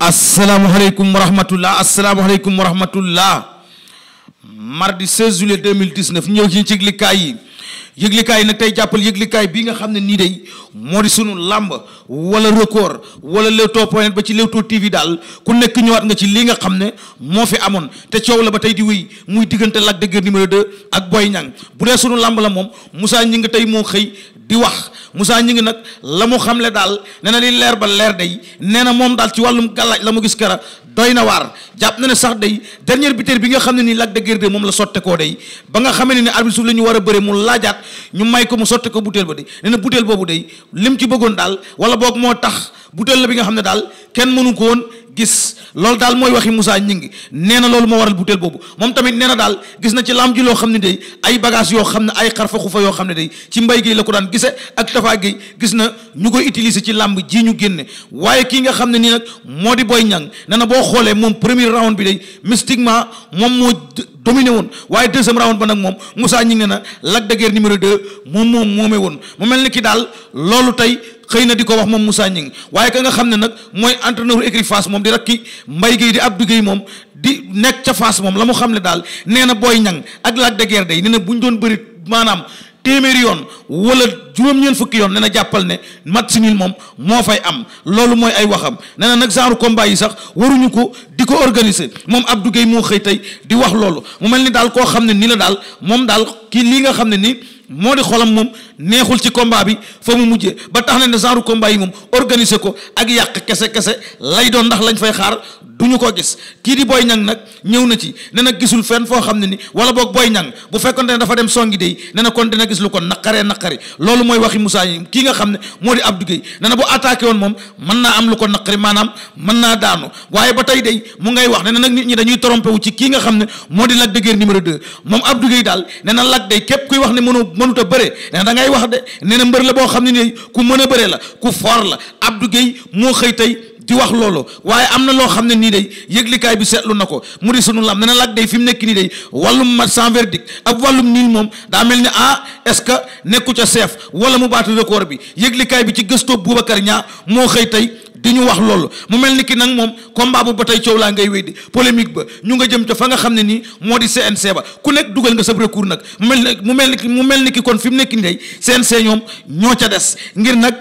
asalaamualeykum wa rahmatullah asalaamualeykum wa rahmatullah mardi 16 juillet 2019 ñëw ci ci yëglikaay yi yëglikaay yi nag tey jàppal yëglikaay bii nga xam ne nii day moo di sunu làmb wala record wala Leewtoo point ba ci Leewtoo TV daal ku nekk ñëwaat nga ci li nga xam ne moo fi amoon te coow la ba tey di wéy muy diggante Lac de Guiers numéro 2 ak booy Niang bu dee sunu làmb la moom Moussa Gningue tey moo xëy di wax Moussa Gningue nag la mu xamle daal nee na leer ba leer day nee na moom daal ci wàllum gàllaaj la mu gis kera doy na waar jàpp na ne sax day dernier buteur bi nga xam ne nii Lac de Guiers moom la sotte koo day ba nga xamee ne ne arbitre suuf la ñu war a bëre mu laajaat ñu may ko mu sotte ko butéel ba day ne na butéel boobu day lim ci bëggoon daal wala boog moo tax butéel la bi nga xam ne daal kenn mënu ko woon gis loolu daal mooy waxi Moussa Gningue nee na loolu moo waral butéel boobu moom tamit nee na daal gis na ci lam ji loo xam ne day ay bagage yoo xam ne ay xarfa xufa yoo xam ne day ci mbay gi la ko daan gise ak tafaa gi gis na ñu koy utiliser ci làmb ji ñu génne waaye kii nga xam ne nii nag moo di booy Niang nee na boo xoolee moom premier round bi day mystiquement moom moo dominé woon waaye deuxième round ba nag moom Moussa Gningue nee na Lac de Guiers numéro 2 moom moom moomee woon mu mel ki daal xëy na di ko wax moom Moussa Gningue waaye ka nga xam ne nag mooy entraîneur écurie Fass moom di rakki Mbaye Guèye di Abdou Guèye moom di nekk ca Fass moom la mu xam ne daal nee na Boy Niang ak Lac de Guiers day nee na bu ñu doon bëri maanaam téeméeri yoon wala juróom-ñeent fukki yoon nee jàppal ne match nul moom moo fay am loolu mooy ay waxam nee nag genre combat yi sax waruñu ko di ko organiser moom ab Guèye moo xëy tey di wax loolu mu mel ni daal koo xam ne nii la daal moom daal kii lii nga xam ne nii moo di xolam moom neexul ci combat bi fa mu mujjee ba tax na ne genre combat yi moom organiser ko ak yàq kese kese lay doon ndax lañu fay xaar du ñu ko gis kii di booy Niang nag ñëw na ci ne na gisul fenn foo xam ne ni wala boog Boy Niang bu fekkonte ne dafa dem songi day ne na kon dina gis lu ko naqaree naqari loolu mooy waxi Moussa yi kii nga xam ne moo di Abdou Gueye ne woon moom mën naa am lu ko naqari maanaam mën naa daanu waaye ba tey day mu ngay wax ne na nag nit ñi dañuy trompé wu ci kii nga xam ne moo di Lac de Guiers numéro moom Abdou Gueye daal ne na Lac day képp kuy wax ne mënoo mënut a bëre nee da ngay wax de nee na mbër la boo xam ne nii ku mën a bëre la ku for la Abdou Guèye moo xëy tey di wax loolu waaye am na loo xam ne nii day yëglikaay bi seetlu na ko mu di sunu lam ne na laaj day fi mu nekk nii day wàllum mat sans verdict ak wàllum niil moom daa mel ni ah est-ce que nekku ca chef wala mu baatu record bi yëglikaay bi ci gëstoo Boubacar ñaa moo xëy tey di ñu wax loolu mu mel ni ki nag moom combat bu ba tey coow laa ngay wéy di polémique ba ñu nga jëm ca fa nga xam ne nii moo di CNC ba ku nekk dugal nga sa recours nag mu mel mu mel ni ki mu mel ni ki kon fi mu nekk nii CNC ñoom ñoo ca des ngir nag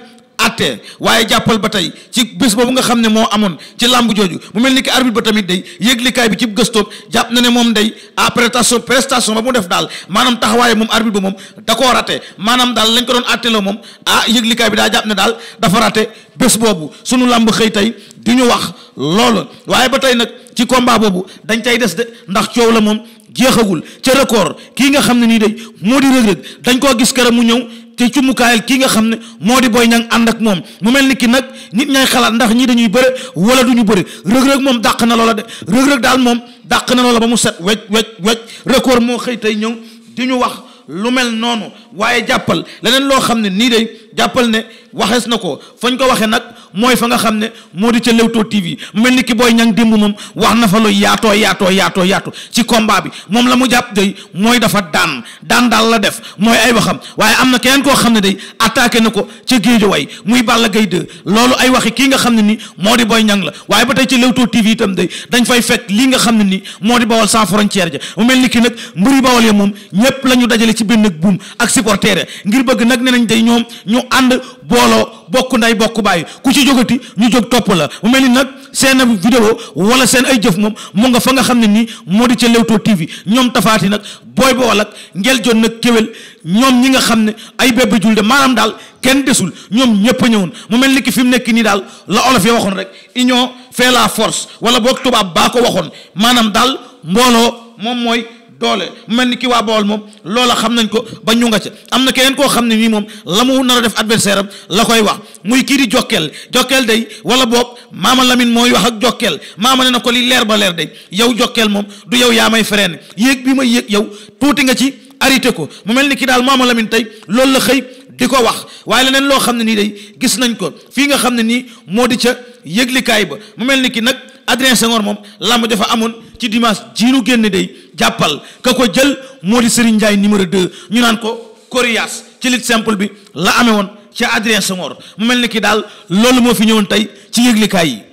àttee waaye jàppal ba tey ci bés boobu nga xam ne moo amoon ci làmb jooju mu mel ni ki arbitre ba tamit day yëglikaay bi ci gëstoom jàpp na ne moom day à prestation prestation ba mu def daal maanaam taxawaaye moom arbitre ba moom da koo raté maanaam daal lañ ko doon àtte la moom ah yëglikaay bi daa jàpp ne daal dafa raté bés boobu sunu làmb xëy tey di ñu wax loolu waaye ba tey nag ci combat boobu dañ tey des de ndax coow la moom jeexagul ca record kii nga xam ne nii day moo di rëg koo gis këram mu ñëw te cumukaayal kii nga xam ne moo di Boy Niang ànd ak moom mu mel ni ki nag nit ñay xalaat ndax ñii dañuy bëre wala ñu bëre rëg-rëg moom dàq na loola de rëg-rëg daal moom dàq na loola ba mu set wecc wecc wecc record moo xëy tey ñëw di ñu wax lu mel noonu waaye jàppal leneen loo xam ne nii day jàppal ne waxees na ko fañ ko waxee nag mooy fa nga xam ne moo di ca Leewtoo TV mel ni ki booy ñang démb moom wax na fa lu yaatoo yaatoo yaato yaatu ci combat bi moom la mu jàpp day mooy dafa daan daan daal la def mooy ay waxam waaye am na keneen koo xam ne day attaqué na ko ca Géejawaay muy Balla Gaye 2 loolu ay waxi kii nga xam ne nii moo di booy ñang la waaye ba tey ci Leewtoo TV itam day dañ fay fekk lii nga xam ne nii moo di bawal sans frontière ja mu mel ni ki nag mbiri bawal ya moom ñépp la ñu dajale ci benn buum ak supporter ngir bëgg nag ne nañ day ñoom ñu ànd booloo bokk nday bokk bàyyi ku ci jógati ñu jóg topp la mu mel ni nag seen vidéo wala seen ay jëf moom mu nga fa nga xam ne nii moo di ca Leewtoo TV ñoom tafaati nag booy bool ak ngel joon nag kéwél ñoom ñi nga xam ne ay bébé julde maanaam daal kenn desul ñoom ñëpp a ñëwoon mu mel ni ki fi mu nekk nii daal la olof yi waxoon rek union fait la force wala boog tubaab baa ko waxoon maanaam daal mbooloo moom mooy doole mel ni ki waa Bawol moom loola xam nañ ko ba ñu nga ca am na keneen koo xam ne nii moom la mu nar a def adversaire am la koy wax muy kii di jokkeel jokkeel day wala boog maama Lamine mooy wax ak jokkeel maama ne na ko li leer ba leer day yow jokkeel moom du yow yaa may freiné yéeg bi ma yéeg yow tuuti nga ci arrêté ko mu mel ni ki daal maama Lamine tey loolu la xëy di ko wax waaye leneen loo xam ne nii day gis nañ ko fii nga xam ne nii moo di ca yëglikaay ba mu mel ni ki nag Adrien Senghor moom làmb dafa amoon ci dimanche jiinu génn day jàppal ka ko jël moo di Serigne Ndiaye numéro 2 ñu naan ko Coriace ci lit simple bi la amee woon ci Adrien Senghor mu mel ni ki daal loolu moo fi ñëwoon tey ci yëglikaay yi.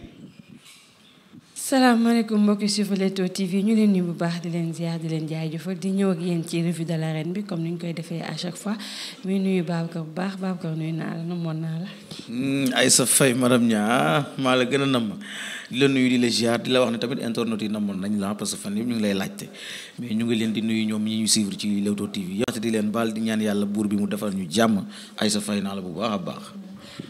salaamaaleykum mbokki suivre Leewtoo TV ñu leen nuyu bu baax di leen ziar di leen jaajëfal di ñëw ak yéen ci revue de l'arène bi comme ni ñu koy defee à chaque fois muy nuyu Babacar bu baax Babacar nuyu naa la namoon naa la. Hmm, ay sa fay madame Nia maa la gën a nam di la nuyu di la ziar di la wax ne tamit internautes yi namoon nañ la parce que fan yëpp ñu ngi lay laajte mais ñu ngi leen di nuyu ñoom ñi ñu suivre ci Leewtoo TV yow di leen baal di ñaan yàlla buur bi mu defal ñu jàmm ay sa fay naa la bu baax a baax.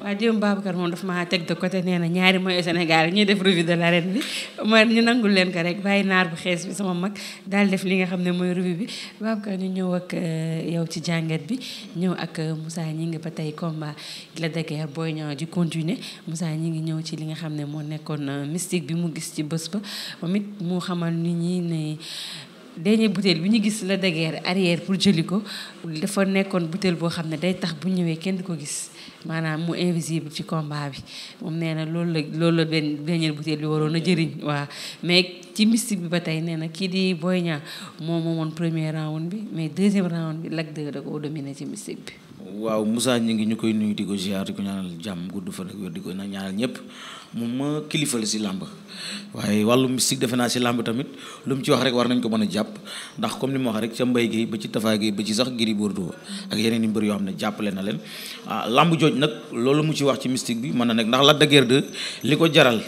waaw Diome Babacar moom dafa maa teg de côté nee na ñaari mooy Sénégal ñuy def revue de l'arène bi ma ñu nangul leen ko rek bàyyi naar bu xees bi sama mag daal def li nga xam ne mooy revue bi Babacar ñu ñëw ak euh, yow ci jàngat bi ñëw ak euh, Moussa ñi ngi ba tey combat la déguère booy ñëw di continuer Moussa ñi ngi ñëw ci li nga xam ne moo nekkoon euh, mystique bi mu gis ci bés ba moom it mu xamal nit ñi ne dernier butéel bi ñu gis la déguère arrière pour jëli ko dafa nekkoon butéel boo xam ne day tax bu ñëwee kenn di ko gis maanaam mu invisible ci combat bi moom nee na loolu la loolu la benn beneen butéel bi waroon a jëriñ waa mais ci mystique bi ba tey nee na kii di booy Niang moom moomoon premier round bi mais deuxième round bi Lac 2 da koo dominé ci mystique bi. waaw Moussa ñu ngi ñu koy nuyu di ko di ko ñaanal jàmm gudd fan ak si làmb waaye wàllu mystique defe naa si làmb tamit lu mu ci wax rek war nañ ko mën a jàpp ndax comme li ma wax rek ca ba ci tafaa gi ba ci sax Gris Bordeaux ak yeneen i mbër yoo xam ne jàppale na leen ah làmb jooj nag loolu mu ci wax ci mystique bi mën na nekk ndax Lac de Guiers 2 li ko jaral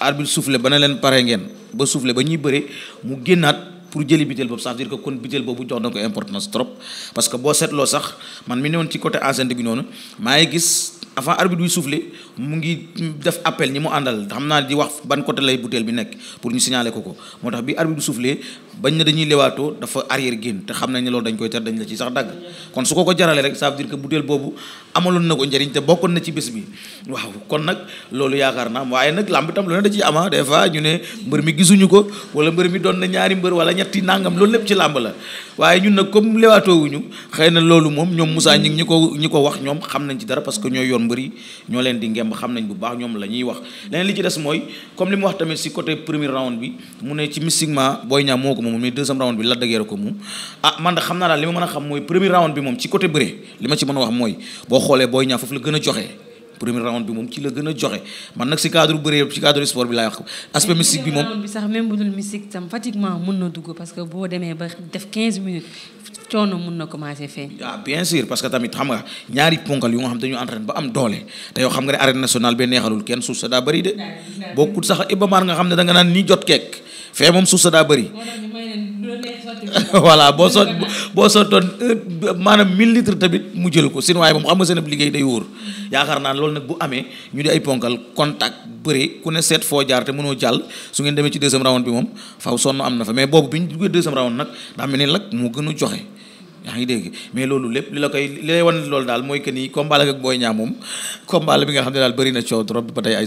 arbitre soufflé ba na leen pare ngeen ba soufflé ba ñuy bëre mu génnaat. pour jëli biteel boobu ça veut dire que kon biteel boobu jox na ko importance trop parce que boo seetloo sax man mi newoon ci côté agent bi noonu maa gis avant arbitre bi soufflé mu ngi def appel ñi mu àndal xam naa di wax ban côté lay butéel bi nekk pour ñu signaler ko ko moo tax bi arbitre bi soufflé bañ na dañuy lewaatoo dafa arrière génn te xam nañ loolu dañ koy ter dañ ci sax dagg kon su ko ko jaralee rek ça veut dire que butéel boobu amaloon na ko njëriñ te bokkoon na ci bés bi waaw kon nag loolu yaakaar naa waaye nag làmb itam lu ne da ah, fois ñu ne mbër mi gisuñu ko wala mbër mi doon na ñaari mbër wala ñetti nangam loolu lépp ci làmb la waaye ñun nag comme lewaatoowuñu xëy na loolu moom ñoom Moussa ñi ñi ko ñi ko wax ñoom xam nañ ci dara parce que ñooy yoon mbër yi ñoo leen di ngemb xam nañ bu baax ñoom la wax leneen li ci des mooy comme li mu wax tamit si côté premier round bi mu ne ci mystiquement Boy Niang moo moom mais deuxième round bi Lac de ko moom ah man da xam naa daal li ma mën a xam mooy premier round bi moom ci côté bëre li ma ci mën a wax mooy boo xoolee Boy Niang foofu la gën a joxe premier round bi moom ci la gën a joxe man nag si cadre bëree ci cadre sport bi laay aspect mystique bi moom bi sax même bu tam pratiquement mun na dugg parce que boo demee ba def 15 minutes coono mun ah, bien sûr parce que tamit xam nga ñaari ponkal yu nga xam dañu entraîné ba am doole te xam nga ne arène nationale bee neexalul kenn suuf sa daa bëri de bokkul sax ibamaar nga xam ne da naan nii jot keek fee moom suuf sa daa bëri voilà boo sot boo sottoon euh, maanaam 1000 litres tamit mu jël ko sin waaye moom xam nga seen ab liggéey day wóor yaakaar naa loolu nag bu amee ñu di ay ponkal contact bëri ku ne seet foo jaar te mënoo jàll su ngeen demee ci deuxième round bi moom faaw sonn am na fa mais boobu bi ñu duggee deuxième round nag daa mel ni nag moo gën a joxe yaa ngi dégg mais loolu lépp li la koy li lay wan loolu daal mooy que ni combat la ak Boy Niang moom combat bi nga xam ne daal bëri na coow trop ba tey ay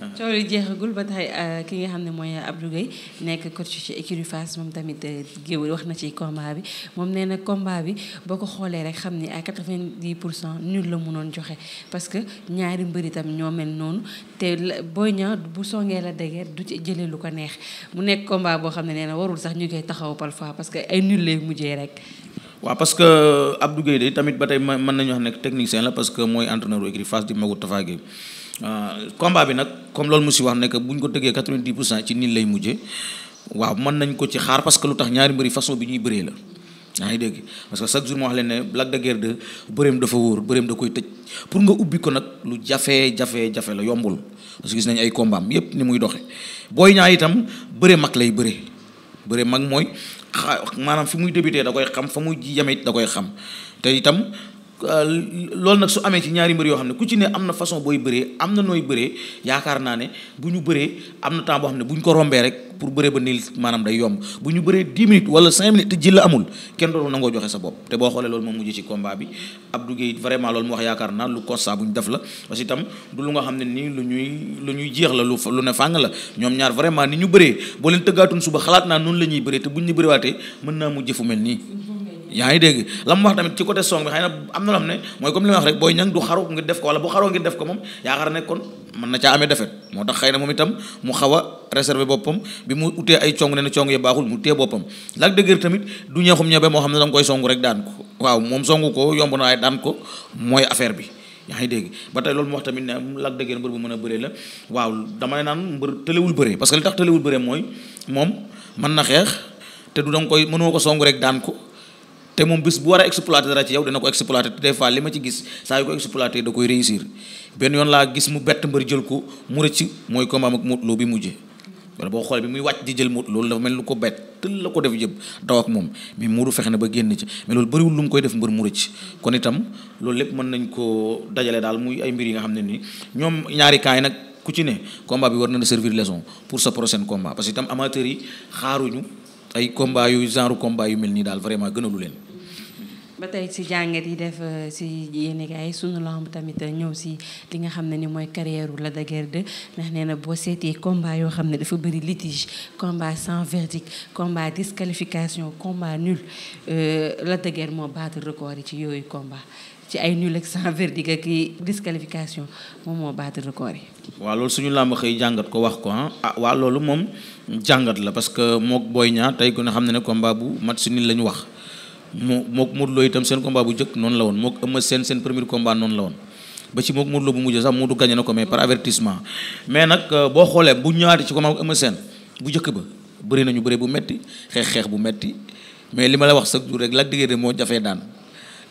coow li jeexagul ba tax euh, ki nga xam ne mooy Abdou Gueye nekk coach ci écurie Fass moom tamit euh, géwél wax na ci combat bi moom nee na combat bi boo ko xoolee rek xam ni à quatre vingt pour cent nul la mënoon joxe parce que ñaari mbër ñoo mel noonu te Boy Niang bu songee la dégeer du ci jëlee lu ko neex mu nekk combat boo xam ne nee na warul sax ñu koy taxaw parfois parce que ay nul lay mujjee rek. waaw parce que Abdou Gueye de tamit ba tey mën nañu wax ne technicien la parce que mooy entraîneur écurie Fass di magu Tafa Gueye Euh, combat bi nag comme loolu mu si wax ne que ñu ko dëggee quatre-vingt-dix pour cent ci nii lay mujjee waaw mën nañ ko ci xaar parce que lu tax ñaari mbëri façon bi ñuy bëree la. yaa ngi dégg parce que chaque jour moo wax leen ne Lac de Guiers bëreem dafa wóor bëreem da koy tëj pour nga ubbi ko nag lu jafe jafee jafe la yombul parce que gis nañ ay kombaam yépp ni muy doxe booy ñaar itam bëre mag lay bëre bëre mag mooy maanaam fi muy débuté da koy xam fa muy yemee da koy xam te itam Euh, loolu nag su amee ci ñaari mbër yoo xam ne ku ci ne am na façon booy bëree am na nooy bëree yaakaar naa ne bu ñu bëree am na temps boo xam ne bu ñu ko rombee rek pour bëree ba maanaam day yomb bu ñu bëree minutes wala 5 minutes te ji la amul kenn dootul nangoo joxe sa bopp te boo xoolee loolu moom mujj ci combat bi Abdou Gueye vraiment loolu mu wax yaakaar naa lu constat bu ñu def la parce itam du lu nga xam ne nii lu ñuy lu ñuy jeex la lu lu ne fàng la ñoom ñaar vraiment ni ñu bëree boo suba xalaat naa noonu la ñuy bëree te buñ ñu bëreewaatee mën naa mujj yaa ngi dégg la mu wax tamit ci côté song bi xëy na am na loo xam ne mooy comme li ma wax rek booy ñang du xaru ngir def ko wala bu xaroo ngir def ko moom yaakaar na a réservé moo xam ne da nga koy songu rek daan ko waaw moom songu ko yomb na waaye daan bi yaa ngi dégg ba tey loolu mu wax tamit ne Lac de Guiers mbër bu mën a bëree la waaw dama ne naan mbër tëlewul bëree parce que li tax tëlewul bëree mooy moom na xeex te du da nga koy mënoo ko songu rek daan ko te moom bis bu war a exploiter dara ci yow dina ko exploiter te des fois li ma ci gis saa yu ko exploiter da koy réussir benn yoon laa gis mu bett mbër jël ko mu rëcc mooy combat ak Modou Lo bi mujjee wala boo xoolee bi muy wàcc di jël Modou loolu mel lu ko bett tël la ko def jëb moom mais Modou fexe na ba génn ci mais loolu bëriwul lu mu koy def mbër mu rëcc kon itam loolu lépp mën nañ ko dajale daal muy ay mbir yi nga xam ne nii ñoom ñaari kaay nag ku ci bi war na servir leçon pour sa prochain combat parce que itam amateurs yi xaaruñu ay combat yu genre combat yu mel nii daal vraiment gënalu leen ba tey ci jàngat yi def euh, ci yéen ay sunu lamb tamit ñëw si li nga xam ne ni mooy carrière Lac de Guiers ndax nee na boo seetee combat yoo xam ne dafa bëri litige combat sans verdict combat disqualification combat nul euh, Lac de Guiers moo battre record yi ci yooyu combat ci ay nul ak sans verdict ak disqualification moom moo battre record yi. waaw loolu suñu làmb xëy jàngat ko wax ko ah. ah waaw loolu moom jàngat la parce que mook Boy Niang tey ku ne xam ne ne combat bu match nul la ñu wax. mu mook Modou Lo itam seen combat bu njëkk noonu la woon mook Eumeu Sène seen premier combat noonu la woon ba ci mook Modou Lo bu mujj sax Modou gagné na ko mais par avertissement mais nag euh, boo xoolee bu ñaari ci combat ak Eumeu Sène bu njëkk ba bëri nañu bëri bu metti xeex xeex bu metti mais li ma la wax chaque jour rek Lac de Guiers moo jafee daan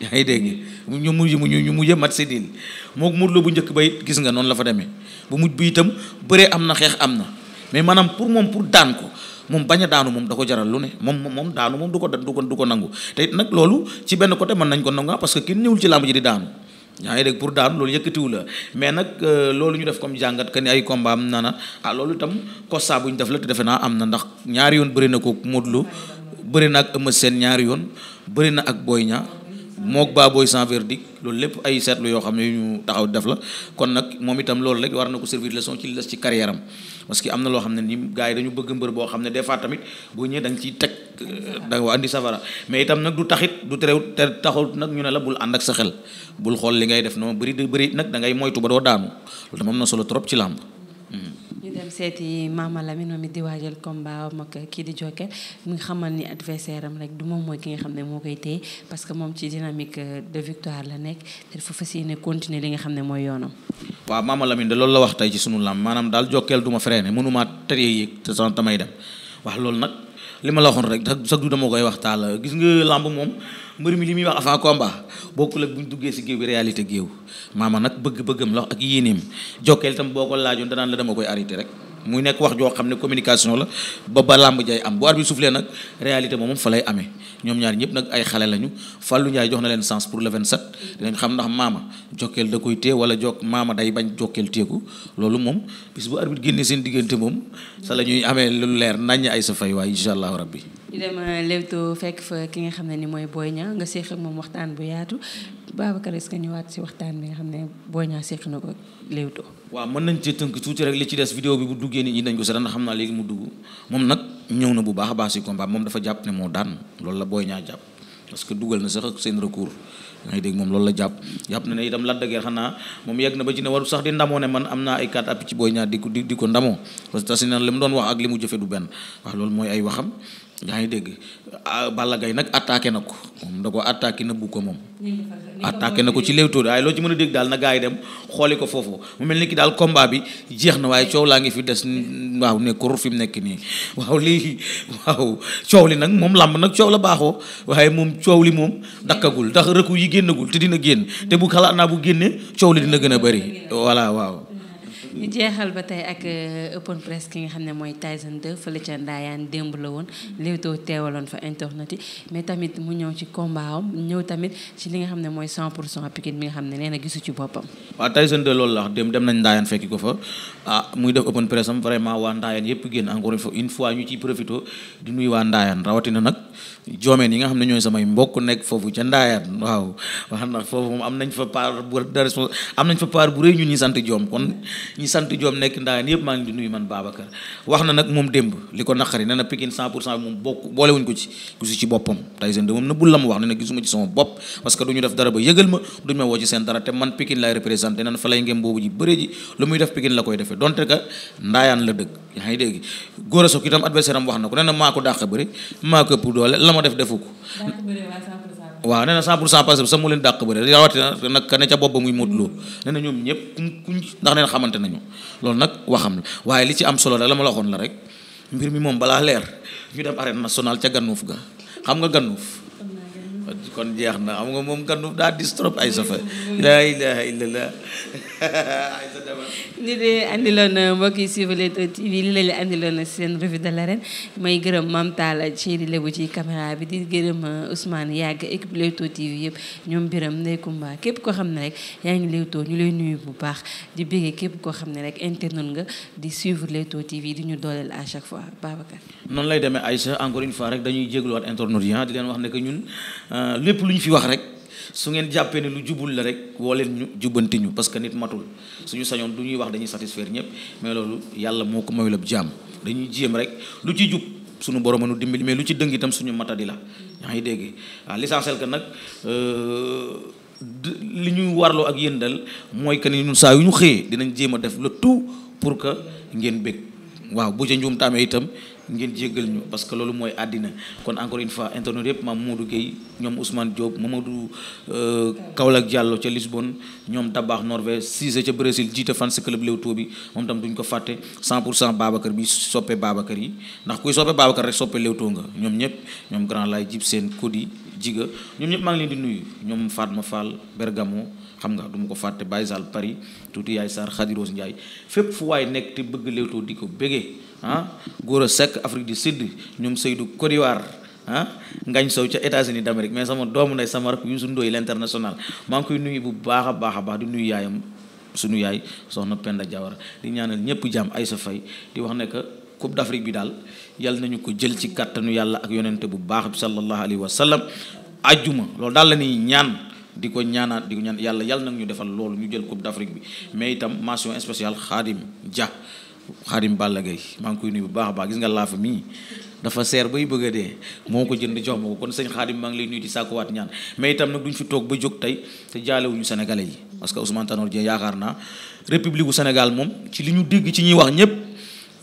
yaa ngi dégg ñu mujj ñu mujj mat si diin mook Modou Lo bu njëkk ba it gis nga noonu la fa demee bu mujj bi itam bëree am na xeex am na mais maanaam pour moom pour daan ko moom bañ a daanu moom da ko jaral lu ne moom moom daanu moom du ko du ko du ko nangu te it nag loolu ci benn côté mën nañ ko nangu parce que kenn ñëwul ci làmb ji di daanu yaa ngi dégg pour daanu loolu la mais nag euh, loolu ñu def comme jàngat que ni ay combat na na ah loolu itam constat bu ñu def la defe naa am na ndax ñaari yoon bëri na ko Modou Lo bëri na ak Eumeu Sène ñaari yoon bëri na ak Boy Niang mook baa booy sans verdict loolu lépp ay seetlu yoo xam ne yu ñu taxaw def la kon nag moom itam loolu rek war na ko servir leçon ci les ci carrière am parce que am na loo xam ne ni gars yi dañu bëgg mbër boo xam ne des tamit boo ñëwee da nga teg euh, da nga andi safara mais itam nag du taxit du terew te taxut nag ñu ne la bul ànd ak sa xel bul xool li ngay def noonu bëri de bëri nag da ngay moytu ba doo daanu loolu tam am na solo trop ci làmb seeti Mama Lamine moom it di waajal combat am kii di Jokel mu ngi xamal ni adversaire am rek du moom mooy ki nga xam ne moo koy téye parce que moom ci dynamique euh, de victoire la nekk te dafa fas yéene continuer li nga xam ne mooy yoonam. waa Mama Lamine de loolu la wax tey ci sunu lam maanaam daal Jokel du ma freiné mënuma tere yéeg te sant damay dem wax loolu nag li ma la waxoon rek sax du dama koy waxtaal gis nga lamb moom. mbër mi li muy wax avant combat bokkul ak bu ñu duggee si géew bi réalité géew maama nag bëgg-bëggam la ak yéeneem jokkeel itam boo ko laajoon danaan la koy arrêté rek muy nekk wax joo xam ne communication la ba ba làmb jay am bu arbitre soufflé nag réalité moom fa lay amee ñoom ñaar ñëpp nag ay xale lañu Fallou Ndiaye jox na leen sens pour le 27 dinañ xam ndax maama jokkeel da koy téye wala jok maama day bañ jokkeel téeku loolu moom bis bu arbitre génnee seen diggante moom sa la ñuy amee lu leer naññ ay sa fay waay incha allahu rabbi ñu dem euh, Leewtoo fekk ki nga xam ne ni mooy Boy nga séq ak moom waxtaan bu yaatu Babacar est-ce waxtaan bi nga xam ne Boy Niang séq na ko Leewtoo. waaw mën nañ cee tuuti rek li ci des bi bu duggee nit ñi dañ ko seetaan xam naa léegi mu dugg moom nag ñëw na a baax si combat moom dafa jàpp ne moo daan loolu la Boy Niang jàpp. parce que na sax ak seen recours ngay dégg moom loolu la jàpp jàpp na ne itam Lac de Guiers xanaa moom yegg na ba ci ne waru sax di ndamoo ne man am na ay quatre appuis ci Boy Niang di ko di ko ndamoo parce que tasi mu doon wax ak li mu jëfe du benn waaw loolu mooy ay waxam yaa ngi dégg Balla Gaye nag attaqué na ko moom da ko attaqué nëbbu ko moom. attaqué na ko ci Leewtoo waaye loo ci mën a dégg daal na gaa yi dem xooli ko foofu mu mel ni ki daal kombaa bi jeex na waaye coow laa ngi fi des waaw nekkul fi mu nekk nii waaw lii waaw coow li nag moom làmb nag coow la baaxoo waaye moom coow li moom dakkagul ndax rëkku yi génnagul te dina génn te bu xalaat naa bu génnee coow li dina gën a bëri voilà waaw. ñu jeexal ba tey ak euh, open press ki nga xam ne mooy Tyson 2 fële ca Ndayane démb la woon mm-hmm. Leewtoo teewaloon fa internet mais tamit mu ñëw ci combat am ñëw tamit ci li nga xam ne mooy 100 pour cent Pikine bi nga xam ne nee na gisu ci boppam. waaw loolu la dem dem nañ Ndayane fekki ko fa ah muy def open press am vraiment waa Ndayane yëpp génn encore une fois ñu ciy profité di nuyu waa Ndayane rawatina nag. joomeen yi nga xam ne ñooy samay mbokk nekk foofu ca ndaayaan waaw wax na foofu moom am nañ fa part bu responsable am ñi sant joom kon ñi sant joom nekk ndaayaan yëpp maa ngi di nuyu ma wax na ko nee maa ko dàq bëri maa ko ëpp doole la ma def defu waaw nee na 100 sa 100 parce que sax mu leen dàq bëre rawatina nag ka ne ca bopp ba muy Modou Lo nee na ñoom ñëpp kuñ ndax neen xamante nañu loolu nag waxam la waaye li ci am solo rek la ma la waxoon la rek mbir mi moom balaa leer ñu dem arène nationale ca gannuuf ga xam nga gannuuf. kon jeex na xam nga moom gannuuf daa dis trop ay safa la ilaha illallah ñu dee andiloon euh, mbokk yi suivre Leewtoo TV li la ñu andiloon seen revue de l'arène may gërëm Mame Talla Chéri Lebu ci caméra bi di gërëm euh, Ousmane Yàgg équipe Leewtoo TV yëpp ñoom Biram Ndey Kumba képp koo xam ne rek yaa ngi Leewtoo ñu lay nuyu bu baax di béggee képp koo xam ne rek internet nga di suivre Leewtoo TV di ñu dooleel à chaque fois Babacar. noonu lay demee Aïcha encore une fois rek dañuy jégluwaat internet yi ah, di leen wax ne que ñun euh, lépp lu ñu fi wax rek. su ngeen jàppee ne lu jubul la rek woo leen ñu jubbanti ñu parce que nit matul suñu sañoon du ñuy wax dañuy satisfaire ñëpp mais loolu yàlla moo ko mayul ab jaam dañuy jéem rek lu ci jub suñu borom nu dimbali mais lu ci dëng itam suñu matadi la yaa ngi dégg waaw l'essentiel que nag euh, li ñu warloo ak yéen mooy que ni ñun saa yu ñu xëyee dinañ jéem a def le tout pour que ngeen bég waaw bu ca njuumte amee itam ngeen jéggal ñu parce que loolu mooy àddina kon encore une fois internet yëpp maam Modou Guèye ñoom Ousmane Diop Mamadou euh, Kaolack jàlloo ca Lisbonne ñoom Dabaax Norvège Cissé ca Brésil jiite fans club Leewtoo bi moom tam duñ ko fàtte 100 pour cent Babacar bi soppe Babacar yi ndax kuy soppe Babacar rek soppe Leewtoo nga ñoom ñëpp ñoom Grand Laye Jib seen Kodi Jiga ñoom ñëpp maa ngi leen di nuyu ñoom faat Fatma Fall Bergamo xam nga du ma ko fàtte Baye Sall Paris tuuti yaay Sarr Khadiroos Ndiaye fépp fu waay nekk te bëgg Leewtoo di ko bëggee ah Gora Afrique du Sud ñoom Seydou Côte d'Ivoire ah ngañ sow ca États-Unis d'Amérique mais sama doomu nday sama rak Youssou Ndoye l'international maa ngi koy nuy bu baax a baax a baax di nuyu yaayam sunu yaay soxna Penda Diawara di ñaanal ñëpp jàmm ay sa fay di wax ne que Coupe d'Afrique bi daal yàlla nañu ko jël ci kàttanu yàlla ak yonente bu baax bi sallallahu wa sallam ajjuma loolu di ko ñaanaat di ko ñaan yàlla yàlla nag ñu defal loolu ñu jël coupe d'Afrique bi mais itam mention spéciale Khadim Dia Khadim Balla gay maa ngi koy nuyu bu baax a baax gis nga laaf mii dafa seer bay bëgg a dee moo ko jënd jox ma ko kon sëñ Khadim maa ngi lay nuyu di waat ñaan mais itam nag duñ fi toog ba jóg tey te jaalewuñu sénégalais yi parce que Ousmane Tanor Dieng yaakaar naa république u Sénégal moom ci li ñu digg ci ñuy wax ñëpp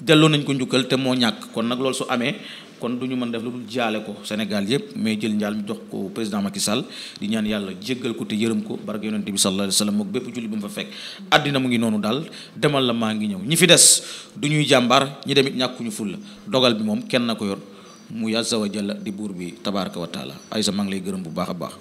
delloo nañ ko njukkal te moo ñàkk kon nag loolu su amee kon du ñu mën def lu dul jaale ko Sénégal yépp mais jël njaal mi jox ko président Macky Sall di ñaan yàlla jéggal ko te yërëm ko barke yonent bi sallallahu alayhi wa sallam mook bépp julli bi mu fa fekk àddina mu ngi noonu daal demal la maa ngi ñëw ñi fi des du ñuy jàmbaar ñi demit ñàkkuñu fulla dogal bi moom kenn na ko yor mu azza wa jalla di buur bi tabaraka wa taala ay sa maa lay gërëm bu baax a baax